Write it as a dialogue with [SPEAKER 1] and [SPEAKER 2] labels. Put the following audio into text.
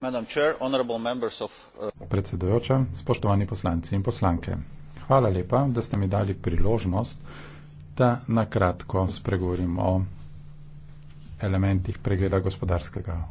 [SPEAKER 1] Uh,
[SPEAKER 2] predsedujoča, spoštovani poslanci in poslanke. Hvala lepa, da ste mi dali priložnost, da nakratko spregovorim o elementih pregleda gospodarskega.